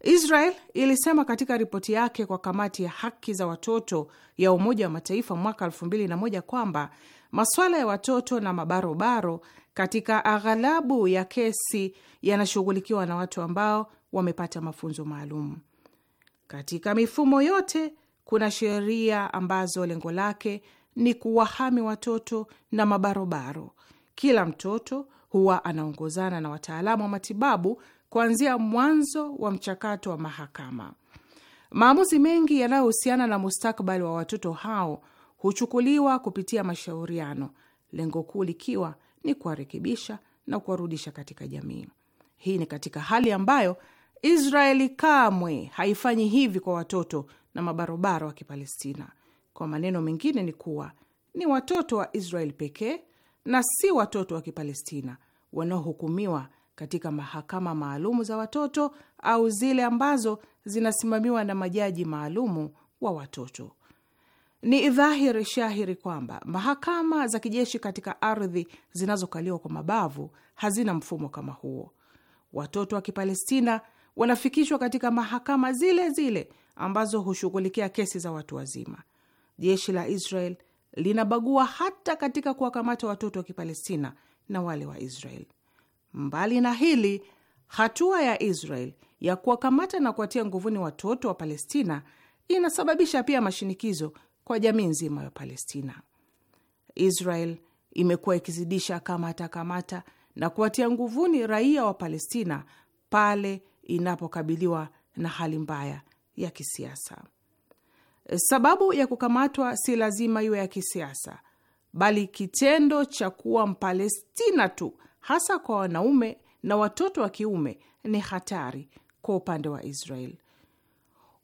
Israel ilisema katika ripoti yake kwa kamati ya haki za watoto ya Umoja wa Mataifa mwaka 2001 kwamba masuala ya watoto na mabarobaro katika aghalabu ya kesi yanashughulikiwa na watu ambao wamepata mafunzo maalum. Katika mifumo yote kuna sheria ambazo lengo lake ni kuwahami watoto na mabarobaro. Kila mtoto huwa anaongozana na wataalamu wa matibabu kuanzia mwanzo wa mchakato wa mahakama. Maamuzi mengi yanayohusiana na mustakabali wa watoto hao huchukuliwa kupitia mashauriano, lengo kuu likiwa ni kuwarekebisha na kuwarudisha katika jamii. Hii ni katika hali ambayo Israeli kamwe haifanyi hivi kwa watoto na mabarobaro wa Kipalestina. Kwa maneno mengine ni kuwa ni watoto wa Israeli pekee na si watoto wa Kipalestina wanaohukumiwa katika mahakama maalumu za watoto au zile ambazo zinasimamiwa na majaji maalumu wa watoto. Ni dhahiri shahiri kwamba mahakama za kijeshi katika ardhi zinazokaliwa kwa mabavu hazina mfumo kama huo. Watoto wa Kipalestina wanafikishwa katika mahakama zile zile ambazo hushughulikia kesi za watu wazima jeshi la Israel linabagua hata katika kuwakamata watoto wa Kipalestina na wale wa Israel. Mbali na hili, hatua ya Israel ya kuwakamata na kuwatia nguvuni watoto wa Palestina inasababisha pia mashinikizo kwa jamii nzima ya Palestina. Israel imekuwa ikizidisha kamata kamata na kuwatia nguvuni raia wa Palestina pale inapokabiliwa na hali mbaya ya kisiasa. Sababu ya kukamatwa si lazima iwe ya kisiasa, bali kitendo cha kuwa Mpalestina tu, hasa kwa wanaume na watoto wa kiume, ni hatari kwa upande wa Israel.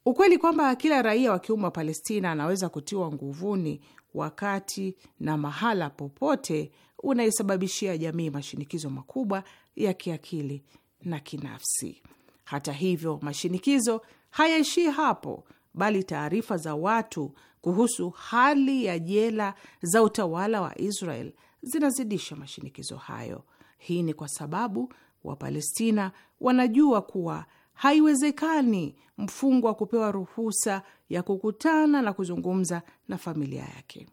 Ukweli kwamba kila raia wa kiume wa Palestina anaweza kutiwa nguvuni wakati na mahala popote unaisababishia jamii mashinikizo makubwa ya kiakili na kinafsi. Hata hivyo, mashinikizo hayaishii hapo, bali taarifa za watu kuhusu hali ya jela za utawala wa Israel zinazidisha mashinikizo hayo. Hii ni kwa sababu Wapalestina wanajua kuwa haiwezekani mfungwa kupewa ruhusa ya kukutana na kuzungumza na familia yake.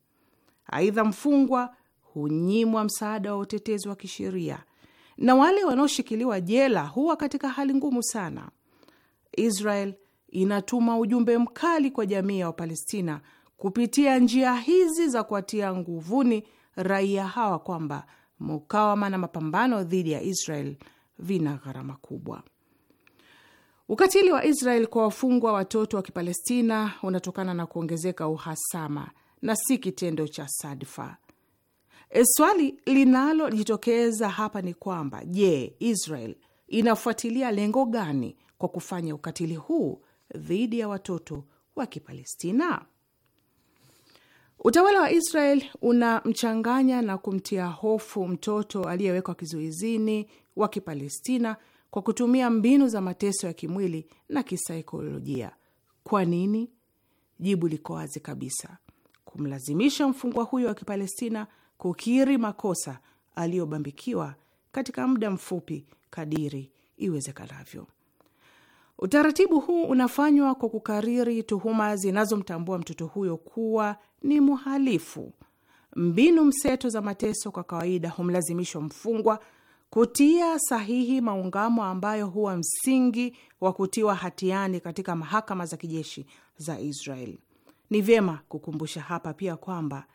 Aidha, mfungwa hunyimwa msaada wa utetezi wa kisheria na wale wanaoshikiliwa jela huwa katika hali ngumu sana. Israel inatuma ujumbe mkali kwa jamii ya Wapalestina kupitia njia hizi za kuwatia nguvuni raia hawa kwamba mukawama na mapambano dhidi ya Israel vina gharama kubwa. Ukatili wa Israel kwa wafungwa watoto wa Kipalestina unatokana na kuongezeka uhasama na si kitendo cha sadfa. E, swali linalojitokeza hapa ni kwamba je, Israel inafuatilia lengo gani kwa kufanya ukatili huu dhidi ya watoto wa Kipalestina? Utawala wa Israel unamchanganya na kumtia hofu mtoto aliyewekwa kizuizini wa Kipalestina kwa kutumia mbinu za mateso ya kimwili na kisaikolojia. Kwa nini? Jibu liko wazi kabisa: kumlazimisha mfungwa huyo wa Kipalestina kukiri makosa aliyobambikiwa katika muda mfupi kadiri iwezekanavyo. Utaratibu huu unafanywa kwa kukariri tuhuma zinazomtambua mtoto huyo kuwa ni mhalifu. Mbinu mseto za mateso kwa kawaida humlazimisha mfungwa kutia sahihi maungamo ambayo huwa msingi wa kutiwa hatiani katika mahakama za kijeshi za israel Ni vyema kukumbusha hapa pia kwamba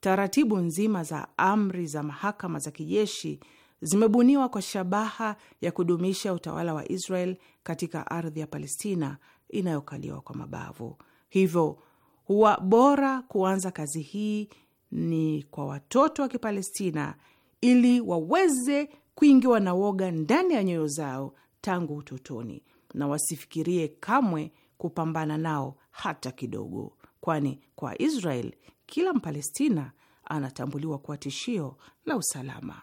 taratibu nzima za amri za mahakama za kijeshi zimebuniwa kwa shabaha ya kudumisha utawala wa Israel katika ardhi ya Palestina inayokaliwa kwa mabavu. Hivyo huwa bora kuanza kazi hii ni kwa watoto wa Kipalestina ili waweze kuingiwa na woga ndani ya nyoyo zao tangu utotoni, na wasifikirie kamwe kupambana nao hata kidogo, kwani kwa Israel kila Mpalestina anatambuliwa kuwa tishio la usalama.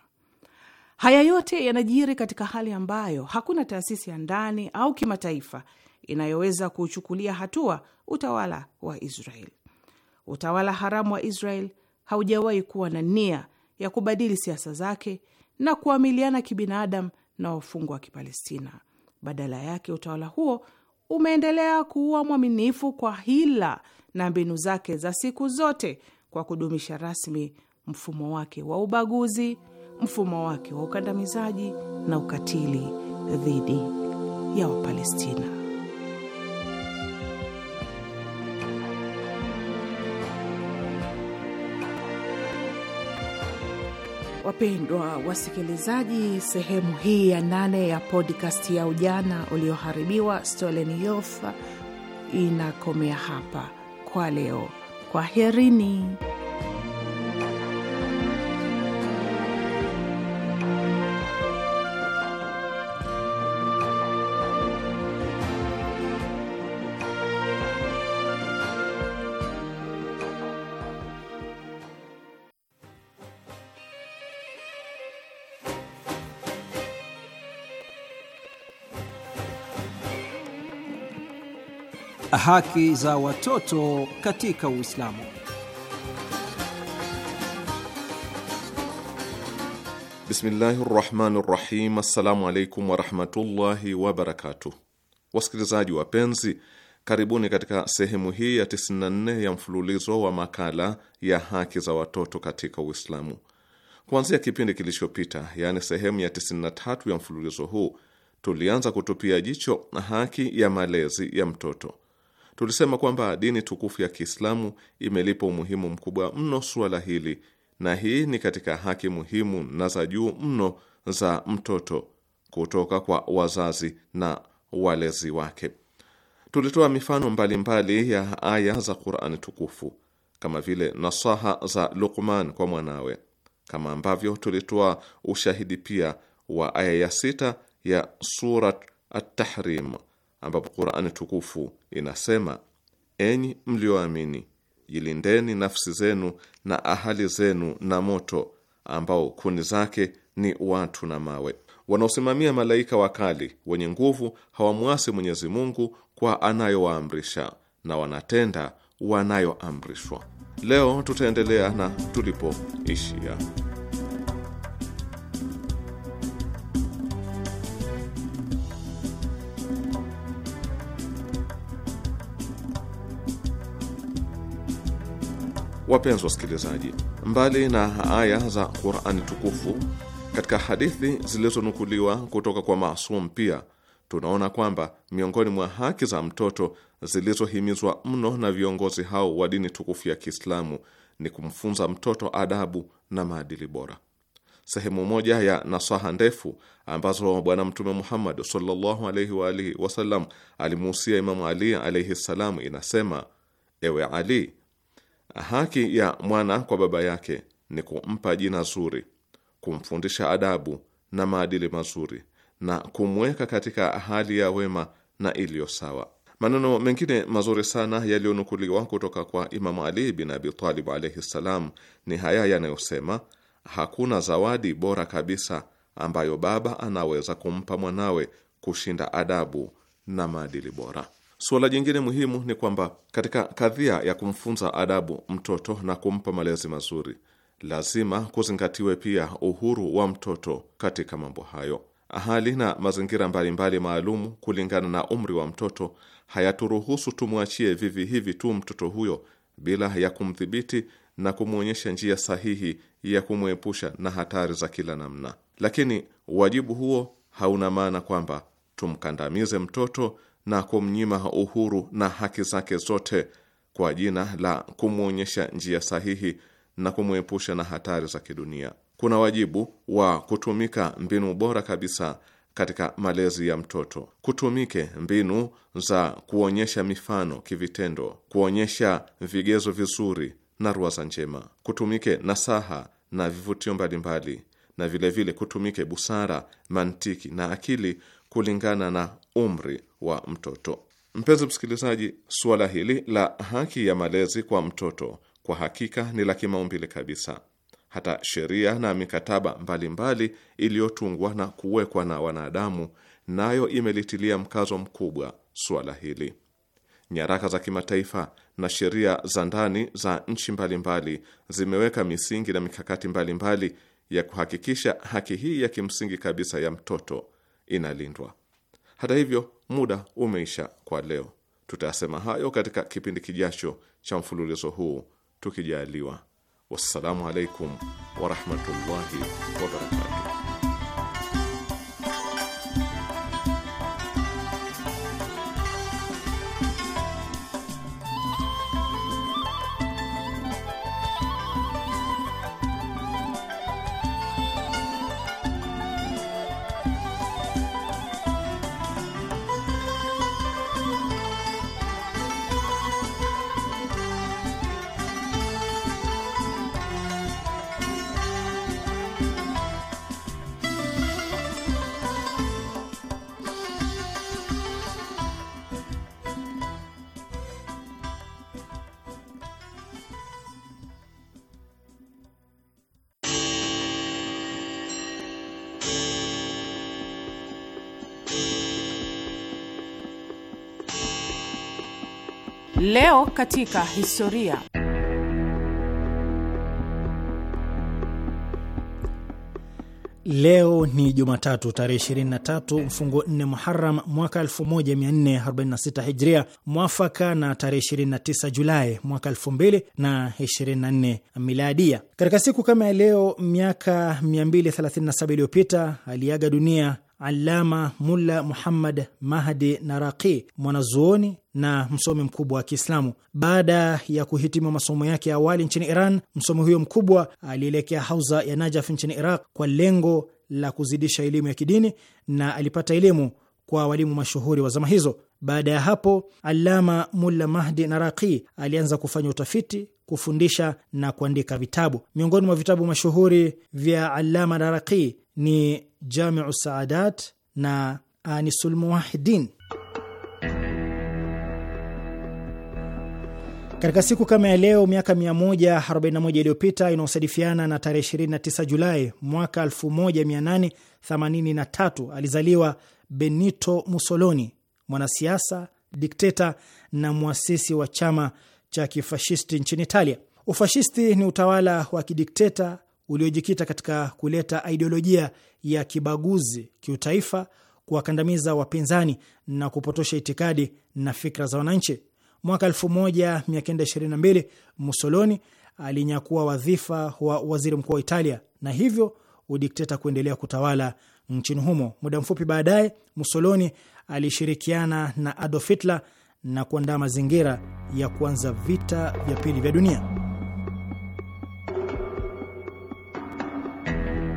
Haya yote yanajiri katika hali ambayo hakuna taasisi ya ndani au kimataifa inayoweza kuuchukulia hatua utawala wa Israel. Utawala haramu wa Israel haujawahi kuwa na nia ya kubadili siasa zake na kuamiliana kibinadamu na wafungwa wa Kipalestina. Badala yake, utawala huo umeendelea kuwa mwaminifu kwa hila na mbinu zake za siku zote kwa kudumisha rasmi mfumo wake wa ubaguzi mfumo wake wa ukandamizaji na ukatili dhidi ya Wapalestina. Wapendwa wasikilizaji, sehemu hii ya nane ya podcast ya ujana ulioharibiwa Stolen Youth inakomea hapa kwa leo. Kwaherini. haki za watoto katika Uislamu. Bismillahi rahmani rahim. Assalamu alaikum warahmatullahi wabarakatuh. Wasikilizaji wapenzi, karibuni katika sehemu hii ya 94 ya mfululizo wa makala ya haki za watoto katika Uislamu. Kuanzia kipindi kilichopita, yaani sehemu ya 93 ya mfululizo huu, tulianza kutupia jicho haki ya malezi ya mtoto. Tulisema kwamba dini tukufu ya Kiislamu imelipa umuhimu mkubwa mno suala hili, na hii ni katika haki muhimu na za juu mno za mtoto kutoka kwa wazazi na walezi wake. Tulitoa mifano mbalimbali mbali ya aya za Qur'ani tukufu kama vile nasaha za Luqman kwa mwanawe, kama ambavyo tulitoa ushahidi pia wa aya ya sita ya Surat At-Tahrim ambapo Qur'ani tukufu inasema: enyi mlioamini, jilindeni nafsi zenu na ahali zenu na moto ambao kuni zake ni watu na mawe. Wanaosimamia malaika wakali wenye nguvu hawamwasi Mwenyezi Mungu kwa anayowaamrisha na wanatenda wanayoamrishwa. Leo tutaendelea na tulipoishia. Wapenzi wasikilizaji, mbali na aya za Qurani tukufu katika hadithi zilizonukuliwa kutoka kwa masum pia tunaona kwamba miongoni mwa haki za mtoto zilizohimizwa mno na viongozi hao wa dini tukufu ya Kiislamu ni kumfunza mtoto adabu na maadili bora. Sehemu moja ya nasaha ndefu ambazo Bwana Mtume Muhammad sallallahu alaihi wa alihi wasallam alimuhusia Imamu Ali alaihi ssalam inasema: ewe Ali, Haki ya mwana kwa baba yake ni kumpa jina zuri, kumfundisha adabu na maadili mazuri na kumweka katika hali ya wema na iliyo sawa. Maneno mengine mazuri sana yaliyonukuliwa kutoka kwa Imamu Ali bin Abi Talib alaihi ssalam ni haya yanayosema, hakuna zawadi bora kabisa ambayo baba anaweza kumpa mwanawe kushinda adabu na maadili bora. Suala jingine muhimu ni kwamba katika kadhia ya kumfunza adabu mtoto na kumpa malezi mazuri, lazima kuzingatiwe pia uhuru wa mtoto katika mambo hayo. Hali na mazingira mbalimbali maalumu kulingana na umri wa mtoto hayaturuhusu tumwachie vivi hivi tu mtoto huyo bila ya kumdhibiti na kumwonyesha njia sahihi ya kumwepusha na hatari za kila namna. Lakini wajibu huo hauna maana kwamba tumkandamize mtoto na kumnyima uhuru na haki zake zote kwa jina la kumwonyesha njia sahihi na kumwepusha na hatari za kidunia. Kuna wajibu wa kutumika mbinu bora kabisa katika malezi ya mtoto. Kutumike mbinu za kuonyesha mifano kivitendo, kuonyesha vigezo vizuri na ruwaza njema, kutumike nasaha na vivutio mbalimbali, na vilevile vile kutumike busara, mantiki na akili kulingana na umri wa mtoto. Mpenzi msikilizaji, suala hili la haki ya malezi kwa mtoto kwa hakika ni la kimaumbili kabisa. Hata sheria na mikataba mbalimbali iliyotungwa na kuwekwa na wanadamu nayo imelitilia mkazo mkubwa suala hili. Nyaraka za kimataifa na sheria za ndani za nchi mbalimbali zimeweka misingi na mikakati mbalimbali ya kuhakikisha haki hii ya kimsingi kabisa ya mtoto inalindwa. Hata hivyo, muda umeisha kwa leo. Tutayasema hayo katika kipindi kijacho cha mfululizo huu tukijaliwa. Wassalamu alaikum warahmatullahi wabarakatuh. katika historia. Leo ni Jumatatu tarehe 23 mfungo 4 Muharam mwaka 1446 Hijria, mwafaka na tarehe 29 Julai mwaka 2024 Miladia. Katika siku kama ya leo miaka 237 iliyopita aliaga dunia Allama Mulla Muhammad Mahdi Naraqi, mwanazuoni na msomi mkubwa wa Kiislamu. Baada ya kuhitimu masomo yake ya awali nchini Iran, msomi huyo mkubwa alielekea hauza ya Najaf nchini Iraq kwa lengo la kuzidisha elimu ya kidini na alipata elimu kwa walimu mashuhuri wa zama hizo. Baada ya hapo, Allama Mulla Mahdi Naraqi alianza kufanya utafiti, kufundisha na kuandika vitabu. Miongoni mwa vitabu mashuhuri vya Allama Naraqi ni Jamiu Saadat na Anisul Muwahidin. Katika siku kama ya leo miaka 141 iliyopita inaosadifiana na tarehe 29 Julai mwaka 1883 alizaliwa Benito Mussolini, mwanasiasa, dikteta na mwasisi wa chama cha kifashisti nchini Italia. Ufashisti ni utawala wa kidikteta uliojikita katika kuleta idiolojia ya kibaguzi kiutaifa, kuwakandamiza wapinzani na kupotosha itikadi na fikra za wananchi. Mwaka 1922 Mussolini alinyakua wadhifa wa waziri mkuu wa Italia na hivyo udikteta kuendelea kutawala nchini humo. Muda mfupi baadaye, Mussolini alishirikiana na Adolf Hitler na kuandaa mazingira ya kuanza vita vya pili vya dunia.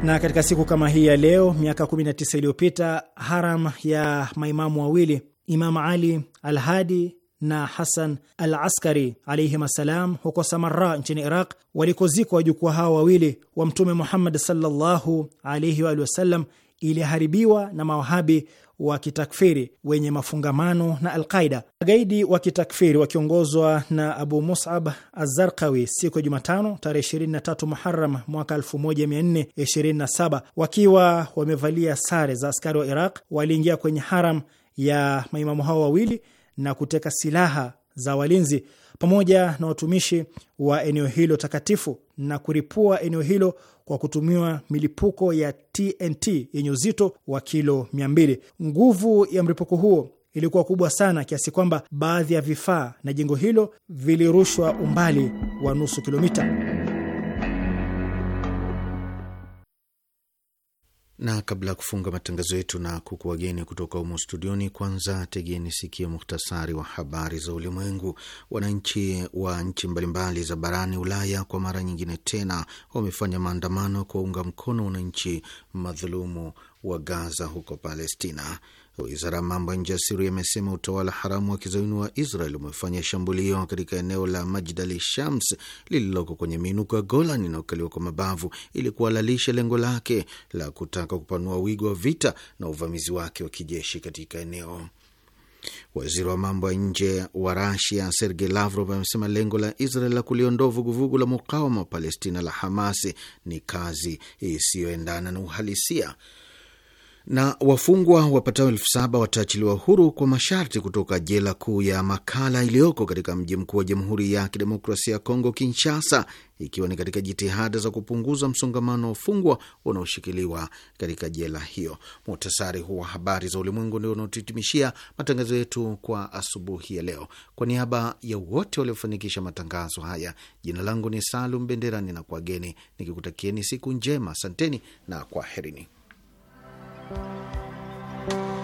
Na katika siku kama hii ya leo miaka 19 iliyopita haram ya maimamu wawili Imam Ali Alhadi na Hasan al Askari alaihim assalam huko Samara nchini Iraq walikozikwa wajukuu hao wawili wa Mtume Muhammad sallallahu alaihi waalihi wasallam iliharibiwa na mawahabi wa kitakfiri wenye mafungamano na Alqaida. Magaidi wa kitakfiri wakiongozwa na Abu Musab Azarkawi siku ya Jumatano tarehe 23 Muharam mwaka 1427 wakiwa wamevalia sare za askari wa Iraq waliingia kwenye haram ya maimamu hao wawili na kuteka silaha za walinzi pamoja na watumishi wa eneo hilo takatifu na kuripua eneo hilo kwa kutumiwa milipuko ya TNT yenye uzito wa kilo 200. Nguvu ya mlipuko huo ilikuwa kubwa sana kiasi kwamba baadhi ya vifaa na jengo hilo vilirushwa umbali wa nusu kilomita. na kabla ya kufunga matangazo yetu na kukuwageni kutoka humo studioni, kwanza tegeni sikia muhtasari wa habari za ulimwengu. Wananchi wa nchi mbalimbali za barani Ulaya kwa mara nyingine tena wamefanya maandamano kuwaunga mkono wananchi madhulumu wa Gaza huko Palestina. Wizara ya mambo ya nje ya Siria imesema utawala haramu wa kizayuni wa Israel umefanya shambulio katika eneo la majdali Shams lililoko kwenye miinuko ya Golan inayokaliwa kwa mabavu ili kuhalalisha lengo lake la kutaka kupanua wigo wa vita na uvamizi wake wa kijeshi katika eneo. Waziri wa mambo ya nje wa Rasia Sergei Lavrov amesema lengo la Israel la kuliondoa vuguvugu la mukawama wa Palestina la Hamasi ni kazi isiyoendana na uhalisia na wafungwa wapatao elfu saba wataachiliwa huru kwa masharti kutoka jela kuu ya Makala iliyoko katika mji mkuu wa Jamhuri ya Kidemokrasia ya Kongo, Kinshasa, ikiwa ni katika jitihada za kupunguza msongamano wa wafungwa wanaoshikiliwa katika jela hiyo. Muhtasari huu wa habari za ulimwengu ndio unaotuhitimishia matangazo yetu kwa asubuhi ya leo. Kwa niaba ya wote waliofanikisha matangazo haya, jina langu ni Salum Benderani na kwageni nikikutakieni siku njema. Asanteni na kwaherini. Thank you.